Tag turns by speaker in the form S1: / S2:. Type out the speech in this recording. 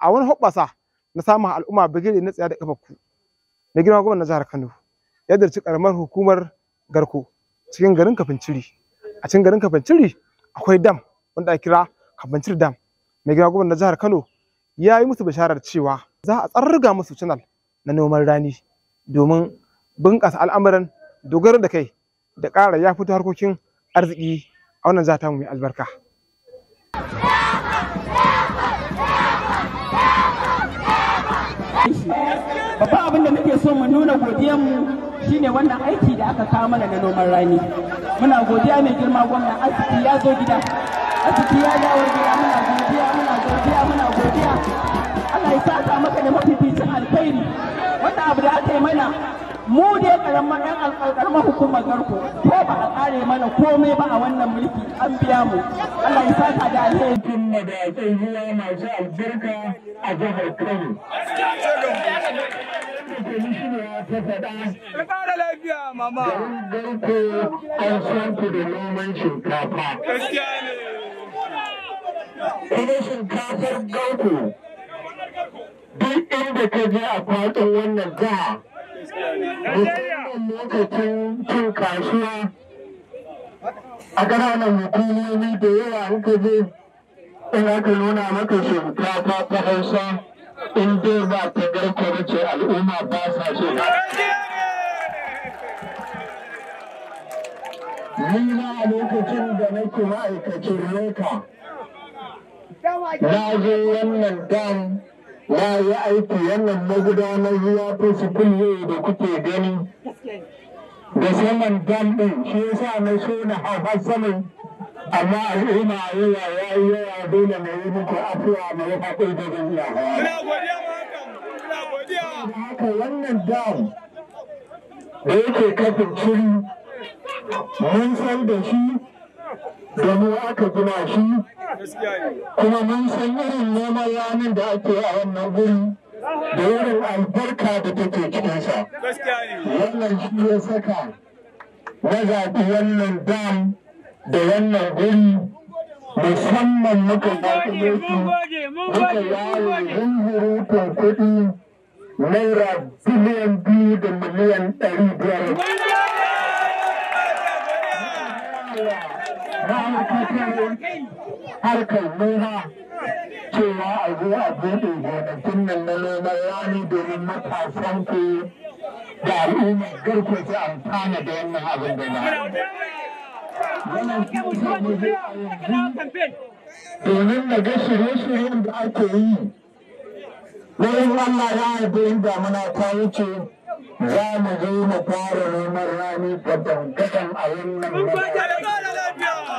S1: a wani hoɓasa na samun al'umma bigire na tsaya da kafafu na girma gwamnan jihar Kano yadda ci karamar hukumar Garko cikin garin Kafinciri a cikin garin Kafinciri akwai dam wanda ake kira Kafinciri dam mai girma gwamnan jihar Kano ya yi musu bisharar cewa za a tsarruga musu canal na noman rani domin bunƙasa al'amuran dogaro da kai da ƙara ya fito harkokin arziki a wannan zata mu mai albarka shi babban abin da muke so mu nuna mu shine wannan aiki da aka kawo mana na noman rani muna godiya mai girma gwamna asibiti ya zo gida asibiti ya dawo gida muna godiya muna godiya muna godiya Allah ya saka maka da mafificin alkhairi mu dai karamar yan karamar hukumar garko ko ba a ƙare mana komai ba a wannan mulki an biya mu Allah ya saka da alheri kun madatsai ruwa masu albarka
S2: a jihar Kano Ka kara lafiya mama. Garko an san ku da noman shinkafa. Gaskiya ne. Kuma shinkafar garko duk inda ka je a kwaɗin wannan jiha musamman lokacin cin kasuwa a ƙananan hukumomi da yawa aka zo in aka nuna maka shirka ta ta hausa in dai ba ta garkar ce al'umma ba sa so ni ma lokacin da nake ma'aikacin loka na zo wannan dam ya yi aiki wannan magudanar ruwa ko kulle da kuke gani da saman dam ɗin shi yasa na so na haifar saman amma al'umma wa ya yi yawa dole na yi muku afuwa na yi haƙuri da haka wannan dam da yake kafin ciri mun san da shi da aka gina shi kuma mun san irin neman ranar da ake a wannan guri da irin albarka da take cikinsa wannan shi ya saka na zaɓi wannan dam da wannan guri musamman muka zaɓi yaki muka yawo zunzurutun kuɗi naira biliyan biyu da miliyan ɗari biyar. ranar kafin harkar noma cewa a zo a buɗe gonakin nan na noma rani domin matasan ku da al'ummar garku su amfana da wannan abin da na wannan kuma samu zai a yanzu domin na ga shirye-shiryen da ake yi wurin Allah ya yarda in damuna ta wuce za mu zo mu fara neman rani gadan gadan a wannan